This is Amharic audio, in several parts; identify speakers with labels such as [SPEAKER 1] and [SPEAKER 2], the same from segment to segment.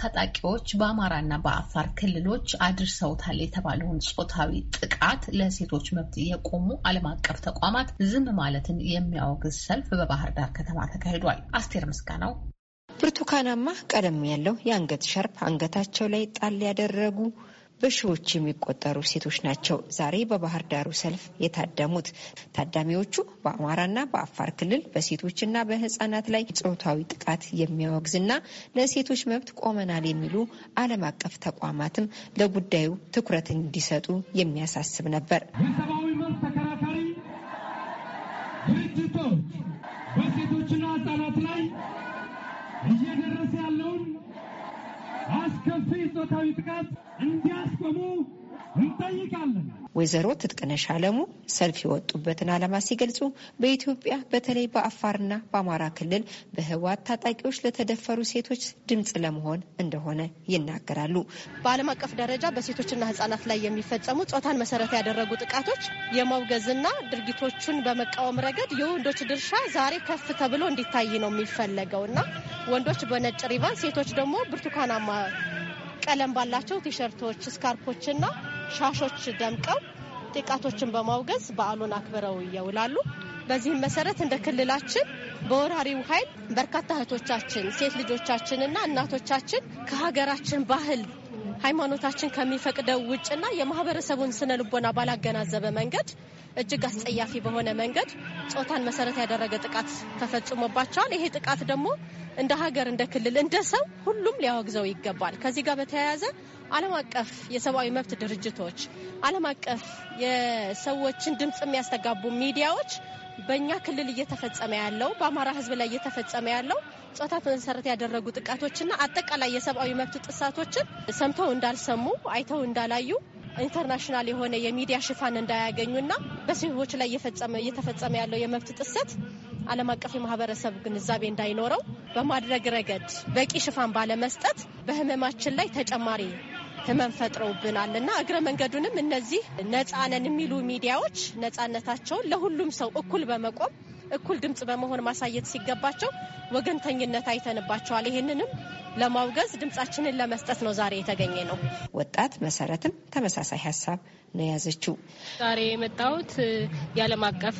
[SPEAKER 1] ታጣቂዎች በአማራና በአፋር ክልሎች አድርሰውታል የተባለውን
[SPEAKER 2] ጾታዊ ጥቃት ለሴቶች መብት የቆሙ ዓለም አቀፍ ተቋማት ዝም ማለትን የሚያወግዝ ሰልፍ በባህር ዳር ከተማ ተካሂዷል። አስቴር ምስጋናው ብርቱካናማ ቀለም ያለው የአንገት ሸርፕ አንገታቸው ላይ ጣል ያደረጉ በሺዎች የሚቆጠሩ ሴቶች ናቸው ዛሬ በባህር ዳሩ ሰልፍ የታደሙት። ታዳሚዎቹ በአማራና በአፋር ክልል በሴቶችና በህጻናት ላይ ጾታዊ ጥቃት የሚያወግዝና ለሴቶች መብት ቆመናል የሚሉ ዓለም አቀፍ ተቋማትም ለጉዳዩ ትኩረት እንዲሰጡ የሚያሳስብ ነበር።
[SPEAKER 3] አስከፊ ጾታዊ ጥቃት እንዲያስቆሙ እንጠይቃለን።
[SPEAKER 2] ወይዘሮ ትጥቅነሽ አለሙ ሰልፍ የወጡበትን ዓላማ ሲገልጹ በኢትዮጵያ በተለይ በአፋርና በአማራ ክልል በህወሓት ታጣቂዎች ለተደፈሩ ሴቶች ድምፅ
[SPEAKER 1] ለመሆን እንደሆነ ይናገራሉ። በዓለም አቀፍ ደረጃ በሴቶችና ህጻናት ላይ የሚፈጸሙ ጾታን መሰረት ያደረጉ ጥቃቶች የማውገዝና ድርጊቶቹን በመቃወም ረገድ የወንዶች ድርሻ ዛሬ ከፍ ተብሎ እንዲታይ ነው የሚፈለገው እና ወንዶች በነጭ ሪቫን፣ ሴቶች ደግሞ ብርቱካናማ ቀለም ባላቸው ቲሸርቶች፣ ስካርፖችና ሻሾች ደምቀው ጥቃቶችን በማውገዝ በዓሉን አክብረው ይውላሉ። በዚህም መሰረት እንደ ክልላችን በወራሪው ኃይል በርካታ እህቶቻችን፣ ሴት ልጆቻችንና እናቶቻችን ከሀገራችን ባህል ሃይማኖታችን ከሚፈቅደው ውጭና የማህበረሰቡን ስነ ልቦና ባላገናዘበ መንገድ እጅግ አስጸያፊ በሆነ መንገድ ጾታን መሰረት ያደረገ ጥቃት ተፈጽሞባቸዋል። ይሄ ጥቃት ደግሞ እንደ ሀገር፣ እንደ ክልል፣ እንደ ሰው ሁሉም ሊያወግዘው ይገባል። ከዚህ ጋር በተያያዘ ዓለም አቀፍ የሰብአዊ መብት ድርጅቶች፣ ዓለም አቀፍ የሰዎችን ድምፅ የሚያስተጋቡ ሚዲያዎች በእኛ ክልል እየተፈጸመ ያለው በአማራ ሕዝብ ላይ እየተፈጸመ ያለው ጾታ መሰረት ያደረጉ ጥቃቶችና አጠቃላይ የሰብአዊ መብት ጥሳቶችን ሰምተው እንዳልሰሙ አይተው እንዳላዩ ኢንተርናሽናል የሆነ የሚዲያ ሽፋን እንዳያገኙና በሰዎች ላይ እየተፈጸመ ያለው የመብት ጥሰት ዓለም አቀፍ የማህበረሰብ ግንዛቤ እንዳይኖረው በማድረግ ረገድ በቂ ሽፋን ባለመስጠት በህመማችን ላይ ተጨማሪ ህመም ፈጥረውብናል እና እግረ መንገዱንም እነዚህ ነጻነን የሚሉ ሚዲያዎች ነጻነታቸውን ለሁሉም ሰው እኩል በመቆም እኩል ድምጽ በመሆን ማሳየት ሲገባቸው ወገንተኝነት አይተንባቸዋል። ይህንንም ለማውገዝ ድምጻችንን ለመስጠት ነው ዛሬ የተገኘ ነው።
[SPEAKER 2] ወጣት መሰረትም ተመሳሳይ ሀሳብ ነው የያዘችው።
[SPEAKER 1] ዛሬ የመጣሁት የዓለም አቀፍ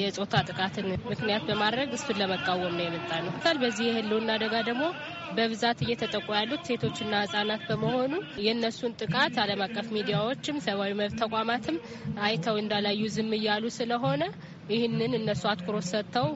[SPEAKER 1] የጾታ ጥቃትን ምክንያት በማድረግ እሱን ለመቃወም ነው የመጣ ነው። በዚህ የህልውና አደጋ ደግሞ በብዛት እየተጠቁ ያሉት ሴቶችና ህጻናት በመሆኑ የእነሱን ጥቃት ዓለም አቀፍ ሚዲያዎችም ሰብአዊ መብት ተቋማትም አይተው እንዳላዩ ዝም እያሉ ስለሆነ ይህንን እነሱ አትኩሮት ሰጥተው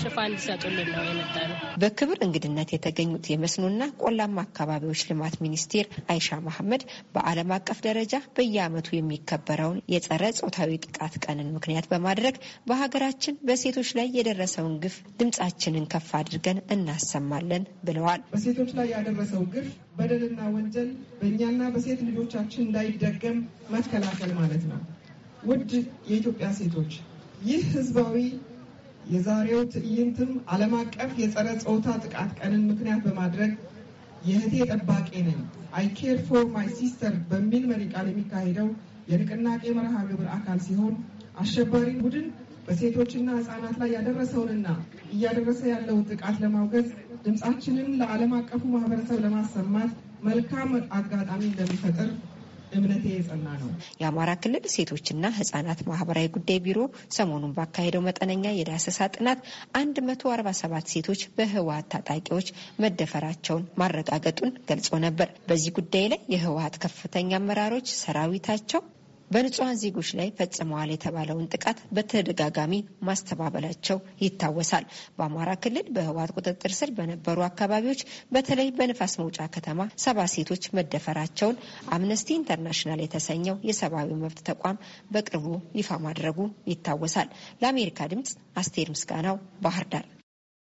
[SPEAKER 1] ሽፋን እንዲሰጡልን ነው የመጣ ነው።
[SPEAKER 2] በክብር እንግድነት የተገኙት የመስኖና ቆላማ አካባቢዎች ልማት ሚኒስቴር አይሻ መሐመድ በዓለም አቀፍ ደረጃ በየዓመቱ የሚከበረውን የጸረ ጾታዊ ጥቃት ቀንን ምክንያት በማድረግ በሀገራችን በሴቶች ላይ የደረሰውን ግፍ ድምጻችንን ከፍ አድርገን እናሰማለን ብለዋል።
[SPEAKER 3] በሴቶች ላይ ያደረሰው ግፍ በደልና ወንጀል በእኛና በሴት ልጆቻችን እንዳይደገም መከላከል ማለት ነው። ውድ የኢትዮጵያ ሴቶች ይህ ህዝባዊ የዛሬው ትዕይንትም ዓለም አቀፍ የጸረ ፆታ ጥቃት ቀንን ምክንያት በማድረግ የእህቴ ጠባቂ ነኝ አይ ኬር ፎር ማይ ሲስተር በሚል መሪ ቃል የሚካሄደው የንቅናቄ መርሃ ግብር አካል ሲሆን አሸባሪ ቡድን በሴቶችና ህጻናት ላይ ያደረሰውንና እያደረሰ ያለውን ጥቃት ለማውገዝ ድምፃችንን ለዓለም አቀፉ ማህበረሰብ ለማሰማት መልካም አጋጣሚ እንደሚፈጥር እምነቴ የጸና ነው።
[SPEAKER 2] የአማራ ክልል ሴቶችና ህጻናት ማህበራዊ ጉዳይ ቢሮ ሰሞኑን ባካሄደው መጠነኛ የዳሰሳ ጥናት 147 ሴቶች በህወሀት ታጣቂዎች መደፈራቸውን ማረጋገጡን ገልጾ ነበር። በዚህ ጉዳይ ላይ የህወሀት ከፍተኛ አመራሮች ሰራዊታቸው በንጹሐን ዜጎች ላይ ፈጽመዋል የተባለውን ጥቃት በተደጋጋሚ ማስተባበላቸው ይታወሳል። በአማራ ክልል በህወሓት ቁጥጥር ስር በነበሩ አካባቢዎች በተለይ በንፋስ መውጫ ከተማ ሰባ ሴቶች መደፈራቸውን አምነስቲ ኢንተርናሽናል የተሰኘው የሰብአዊ መብት ተቋም በቅርቡ ይፋ ማድረጉ ይታወሳል። ለአሜሪካ ድምጽ አስቴር ምስጋናው ባህር ዳር